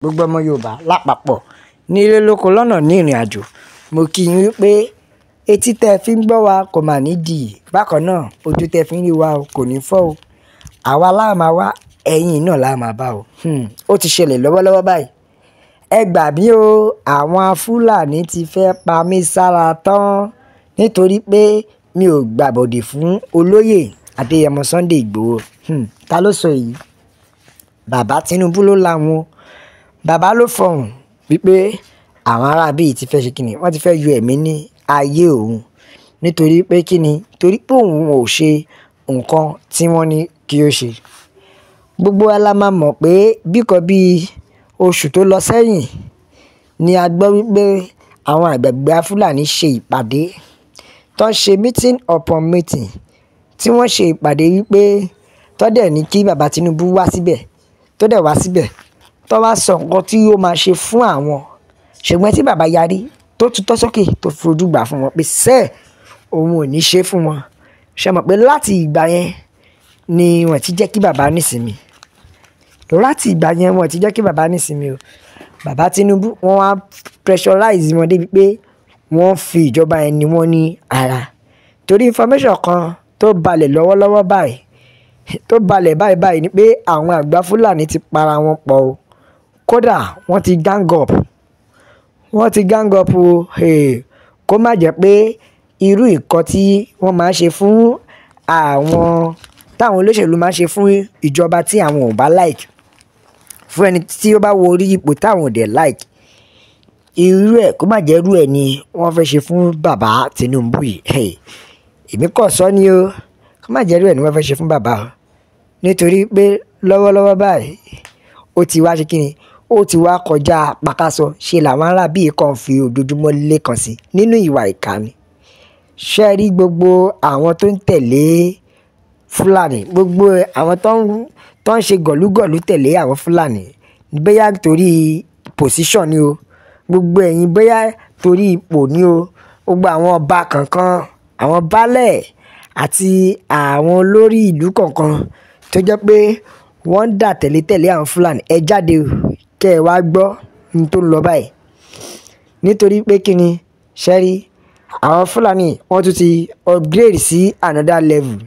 gbogbo ọmọ yorùbá lápapọ̀ nílé lóko lọ́nà ní ìrìn àjò mo kí yín wípé etí tẹ́ fi ń gbọ́ wa kò mà ní di bákan náà ojú tẹ́ fi ń rí wa kò ní fọ́ o àwa la máa wá ẹ̀yin náà la máa bá o hmm, ó ti ṣẹlẹ̀ lọ́wọ́lọ́wọ́ báyìí ẹ gbà mí o àwọn fúlàní ti fẹ́ pa mí sára tán nítorí pé mi ò gbàbọ̀dè fún olóyè adéyẹmọ sunday igbòho hmm, ta ló sọ èyí bàbá tinubu ló láwọn bàbá ló fọhùn wípé àwọn aráabí ti fẹ́ ṣe kíni wọ́n ti fẹ́ yọ ẹ̀mí ní ayé òun nítorí pé kíni torí pé òun ò ṣe nǹkan tí wọ́n ní kí ó ṣe gbogbo wa la máa mọ̀ pé bíkan bíi oṣù tó lọ sẹ́yìn ni a gbọ́ wípé àwọn àgbààgbà fúlàní ṣe ìpàdé tó ń ṣe meeting upon meeting tí wọ́n ṣe ìpàdé wípé tó dẹ̀ ní kí bàbá Tinubu wá síbẹ̀ tó wá síbẹ̀ tó wá sọ nǹkan tí yóò máa ṣe fún àwọn ṣùgbọ́n tí bàbá yarí tó tutọ́ sókè tó fojú gbà fún wọn pé sẹ́ẹ̀ òun ò ní ṣe fún wọn ṣe mọ̀ pé láti ìgbà yẹn ni wọ́n ti jẹ́ kí bàbá nísinmi láti ìgbà yẹn wọ́n ti jẹ́ kí bàbá nísinmi o bàbá Tinubu wọ́n wá pressurize wọn débi pé wọ́n fi ìjọba yẹn ni wọ́n ní ara torí information kan tó balẹ̀ lọ́wọ́lọ́wọ́ báyìí tó balẹ̀ báyìí báyìí ni pé àwọn àgbà Fúlàní ti para wọn pọ̀ o kódà wọ́n ti gang up wọ́n ti gang up o kó má jẹ́ pé irú ìkọ́ tí wọ́n máa ń ṣe fún àwọn táwọn olóṣèlú máa ń ṣe fún ìjọba tí àwọn ò bá like fún ẹni tí ó bá wo orí ipò táwọn ò dẹ̀ like irú ẹ̀ kó má jẹ́ irú ẹ̀ ni wọ́n fẹ́ ṣe fún bàbá Tinubu yìí èmi kò sọ ni o kó má jẹ́ irú ẹ̀ ni wọ́n fẹ́ ṣe fún bàbá nítorí pé lọ́wọ́lọ́wọ́ báyìí ó ti wá ṣe kí ni ó ti wáá kọjá pàkàṣọ ṣe làwọn aráabí kan fi ojoojúmọ́ lẹ́kàn sí nínú ìwà ìkà ni ṣe rí gbogbo àwọn tó ń tẹ̀lé fúlàní gbogbo àwọn tó ń ṣe gọ̀lúgọ̀lú tẹ̀lé àwọn fúlàní bóyá torí pòsíṣàn ni o gbogbo ẹ̀yin bóyá torí ipò ni o gbogbo àwọn ọba kankan àwọn baálẹ̀ àti àwọn olórí ìlú kankan tó jẹ́ pé wọ́n ń dà tẹ̀lé tẹ̀lé àwọn fúlàní ẹ jáde o kẹ́ ẹ wá gbọ́ ní tó ń lọ báyìí nítorí pé kí ni ṣẹ́rí àwọn fúlàní wọ́n tún ti upgrade sí another level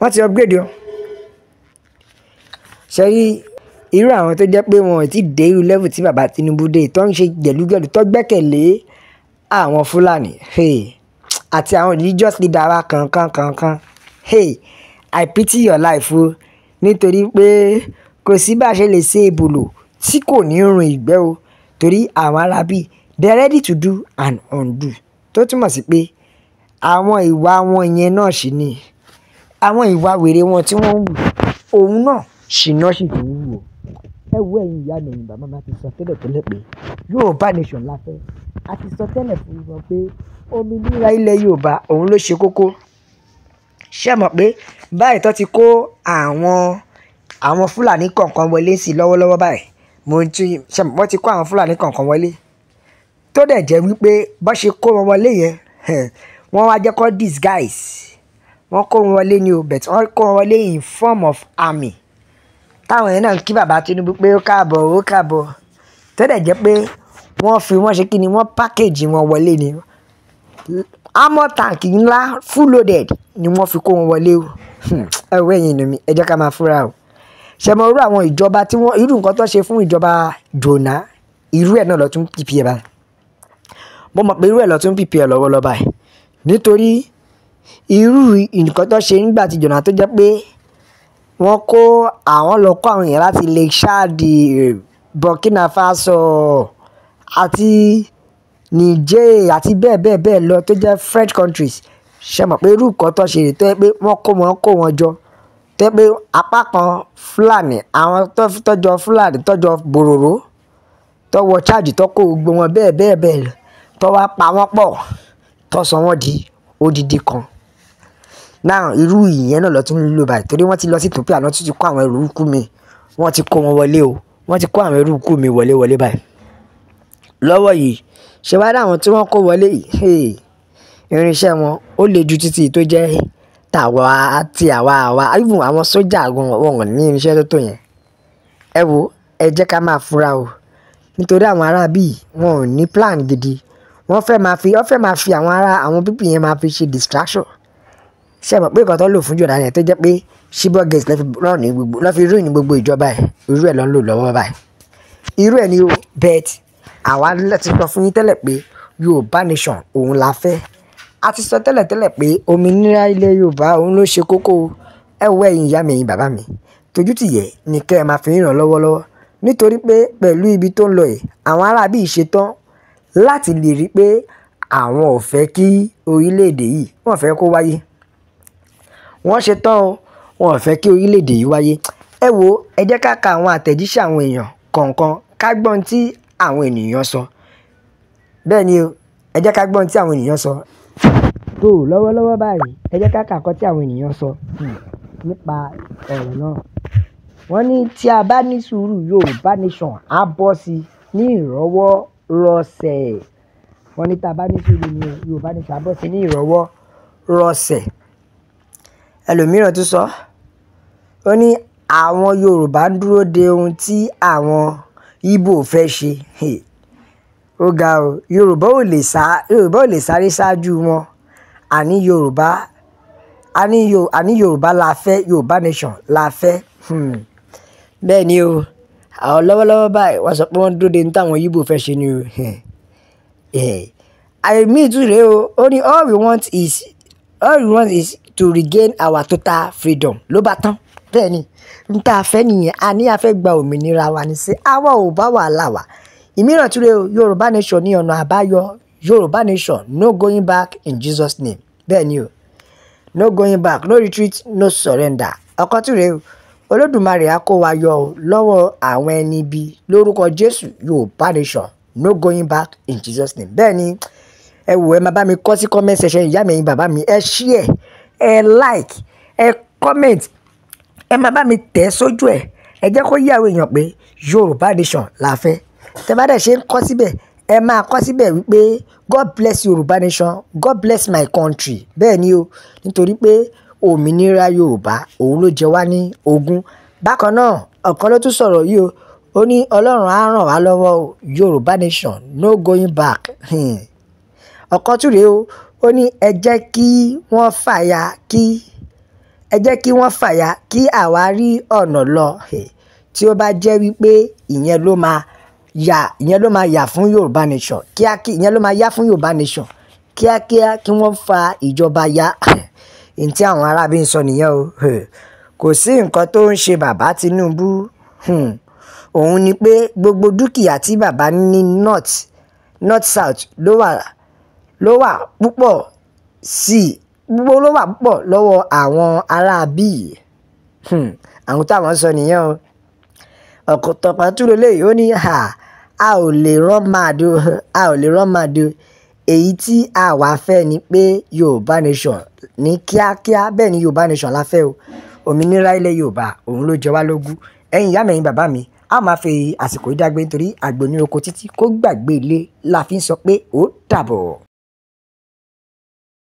wọ́n ti upgrade o ṣẹ́rí irú àwọn tó jẹ́ pé wọn ò ti dé irú level tí bàbá Tinubu dé tó ń ṣe gẹ̀lúgẹ̀lú tó gbẹ́kẹ̀lé àwọn fúlàní àti àwọn religious leader wa kankan kankan hey I pity your life o nítorí pé kò sí bá a ṣe lè se èbùlò tí kò ní run ìgbẹ́ o torí àwọn ará bíi they ready to do and undo tó túmọ̀ sí pé àwọn ìwà wọn yẹn náà sì ni àwọn ìwà wèrè wọn tí wọ́n ń wù òun náà sì náà sì tó ń wù o ẹ wo ẹ̀yin ìyá mi bàbá máa ti sọ tẹ́lẹ̀ tẹ́lẹ̀ pé Yorùbá nation la fẹ́ a ti sọ tẹ́lẹ̀ fún wọn pé òmìnira ilẹ̀ Yorùbá òun ló ṣe kókó ṣé mọ̀ pé báyìí tó ti kó àwọn àwọn fúlàní kọ̀ọ̀kan wọlé sí lọ́wọ́lọ́wọ́ báyìí mo ti wọ́n ti kó àwọn fúlàní kọ̀ọ̀kan wọlé tó dẹ̀ jẹ́ wípé bọ́n ṣe kó wọn wọlé yẹn wọ́n wá jẹ́ kó disguise wọ́n kó wọn wọlé ní o but wọ́n kó wọn wọlé in form of army táwọn yẹn náà kí bàbá Tinubu pé ó káàbọ̀ ó káàbọ̀ tó dẹ̀ jẹ́ pé wọ́n fi wọ́n ṣe kí ni wọ́n package wọn wọlé ni armor tank ńlá full loaded ni wọ́n fi kó wọn wọlé o hmm, ẹ̀wọ́ ẹ̀yìn inú mi ẹ jẹ́ ká máa fura o ṣẹmọ irú àwọn ìjọba tí wọ́n irú nǹkan tó ṣe fún ìjọba jona irú ẹ̀ náà lọ tún pp ẹ̀ báyìí mo mọ̀ pé irú ẹ̀ lọ tún pp ẹ̀ lọ́wọ́ lọ́ báyìí nítorí irú nǹkan tó ṣe nígbà tí jòná tó jẹ́ pé wọ́n kó àwọn lọ kó àwọn èèyàn láti lè ṣáàdì Burkina Faso àti Niger àti bẹ́ẹ̀ bẹ́ẹ̀ bẹ́ẹ̀ lọ tó jẹ́ French countries ṣe mọ̀ pé irú nǹkan tó ṣe rè tó yẹ pé wọ́n kó wọn kó wọn jọ tẹ́ pé apá kan fúlàní àwọn tọ́jọ fúlàní tọ́jọ bòròró tọ́wọ́ chad tọ́kọ̀ gbogbo wọn bẹ́ẹ̀ bẹ́ẹ̀ bẹ́ẹ̀ lọ tọ́wọ́ pa wọ́n pọ̀ tọ́sán wọn di odidi kan náà irú ìyẹn náà lọ tún lò báyìí torí wọ́n ti lọ sí Ethiopia náà tún ti kó àwọn ẹrù kú mi wọ́n ti kó wọn wọlé o wọ́n ti kó àwọn ẹrù kú mi wọlé wọlé báyìí lọ́wọ́ yìí ṣe wá dáhùn tí wọ́n kó wọlé yìí irinṣẹ́ wọn ó le ju títí tó jẹ́ tàwa àti àwa àwa even àwọn sójà gan wọn ò ní irinṣẹ́ tó tó yẹn ẹ wo ẹ jẹ́ ká máa fura o nítorí àwọn ará bíi wọn ò ní plan gidi wọ́n fẹ́ máa fi wọ́n fẹ́ máa fi àwọn ará àwọn pípì yẹn máa fi ṣe distraction ṣe mọ̀ pé ìkọ́tọ́ lò fún jọ̀dá yẹn tó jẹ́ pé ṣíbọ̀ gates lọ́ fi rìn ní gbogbo ìjọba ẹ̀ irú ẹ̀ ló ń lò lọ́wọ́ báyìí irú ẹ̀ ni o bet àwa láti sọ fún yín tẹ́lẹ̀ pé Yorùbá nation òun la fẹ́ a ti sọ tẹ́lẹ̀tẹ́lẹ̀ pé òmìnira ilẹ̀ yorùbá òun ló ṣe kókó ẹ wo ẹ̀yin ìyá mi ẹ̀yin bàbá mi tójú tìyẹ̀ ni kẹ́ ẹ máa fi ń ràn lọ́wọ́ lọ́wọ́ nítorí pé pẹ̀lú ibi tó ń lọ yìí àwọn aráabí ṣetán láti lè rí pé àwọn ò fẹ́ kí orílẹ̀-èdè yìí wọ́n fẹ́ kó wáyé wọ́n ṣetán o wọn ò fẹ́ kí orílẹ̀-èdè yìí wáyé ẹ wo ẹ jẹ́ ká ka àwọn àtẹ̀jíṣẹ́ àwọn èèyàn kọ̀ọ̀kan ká gbọ́n tí àwọn ènìyàn sọ bẹ́ẹ̀ ni o ẹ jẹ́ ká gbọ́n tí àwọn ènìyàn sọ tó lọ́wọ́lọ́wọ́ báyìí ẹ jẹ́ ká kà nǹkan tí àwọn ènìyàn sọ hmm, nípa ọ̀rọ̀ náà. wọ́n ní tí a bá ní sùúrù yorùbá nation á bọ́ sí i ní ìrọ̀wọ́ rọsẹ̀ wọ́n ní tá a bá ní sùúrù ní yorùbá nation á bọ́ sí i ní ìrọ̀wọ́ rọsẹ̀ ẹlòmíràn tún sọ ó ní àwọn yorùbá ń dúró de ohun tí àwọn Ìgbò fẹ́ ṣe ó ga o yorùbá ò lè sá yorùbá ò lè sáré ṣáájú wọn àní yorùbá àní yorùbá àní yorùbá la fẹ́ yorùbá nation la fẹ́ hmm. bẹ́ẹ̀ ni o àwọn lọ́wọ́lọ́wọ́ báyìí wọ́n sọ pé wọ́n dúró de ní táwọn yíbò fẹ́ ṣe ni o àìmí ìtúrẹ́ o ó ní all we want is all we want is to regain our total freedom ló bá tán bẹ́ẹ̀ ni n ta fẹ́ nìyẹn a ní a fẹ́ gba òmìnira wa ní sí àwa ò bá wàhálà wa ìmíràn tí re yorùbá nation ní ọ̀nà àbáyọ yorùbá nation no going back in jesus name bẹ́ẹ̀ ni o no going back no retreat no surrender ọkọ tí re olódùmarè á kó wa yọ lọ́wọ́ àwọn ẹni ibi lórúkọ jésù yorùbá nation no going back in jesus name bẹ́ẹ̀ ni ẹ wò ẹ máa bá mi kọ sí comment section ìyá mi ẹ̀yin bàbá mi ẹ share ẹ like ẹ comment ẹ máa bá mi tẹ̀ sójú ẹ̀ ẹ jẹ́ kó yé àwọn èèyàn pé yorùbá nation la fẹ́ tẹ́ bá dẹ̀ ṣe ń kọ́ síbẹ̀ ẹ máa kọ́ síbẹ̀ wípé God bless Yorùbá nation God bless my country bẹ́ẹ̀ ni o nítorí pé òmìnira Yorùbá òun ló jẹ wá ní ogún bákan náà ọ̀kan ló tún sọ̀rọ̀ yìí o ó ní ọlọ́run á ràn wá lọ́wọ́ Yorùbá nation no going back hmm. ọ̀kan tún rèé o ó ní ẹ jẹ́ kí wọ́n fàyà kí ẹ jẹ́ kí wọ́n fàyà kí àwa rí ọ̀nà lọ hmm. tí ó bá jẹ́ wípé ìyẹn ló máa yà ìyẹn ló máa yà fún Yorùbá nation kíákí ìyẹn ló máa yá fún Yorùbá nation kíákíá kí wọ́n fa ìjọba ya ní tí àwọn arábí ń sọ nìyẹn o kò sí nǹkan tó ń ṣe bàbá Tinubu hmm. òun ni pé gbogbo dúkìá tí bàbá ní north north south ló wà ló wà púpọ̀ sí gbogbo ló wà púpọ̀ lọ́wọ́ àwọn aráabí hmm. àwọn táwọn sọ nìyẹn o tọ̀pátúrò eléyìí ó ní a ò lè rán màdo a ò lè rán màdo èyí tí a wá fẹ́ ni pé yorùbá nation ní kíákíá bẹ́ẹ̀ ni yorùbá nation la fẹ́ o òmìnira ilẹ̀ yorùbá òun ló jẹ wá lógún ẹ̀yin ìyá mẹ́yìn bàbá mi a máa fi àsìkò ìdágbé nítorí àgbò ní oko títí kó gbàgbé ilé la fi ń sọ pé ó dàbọ̀.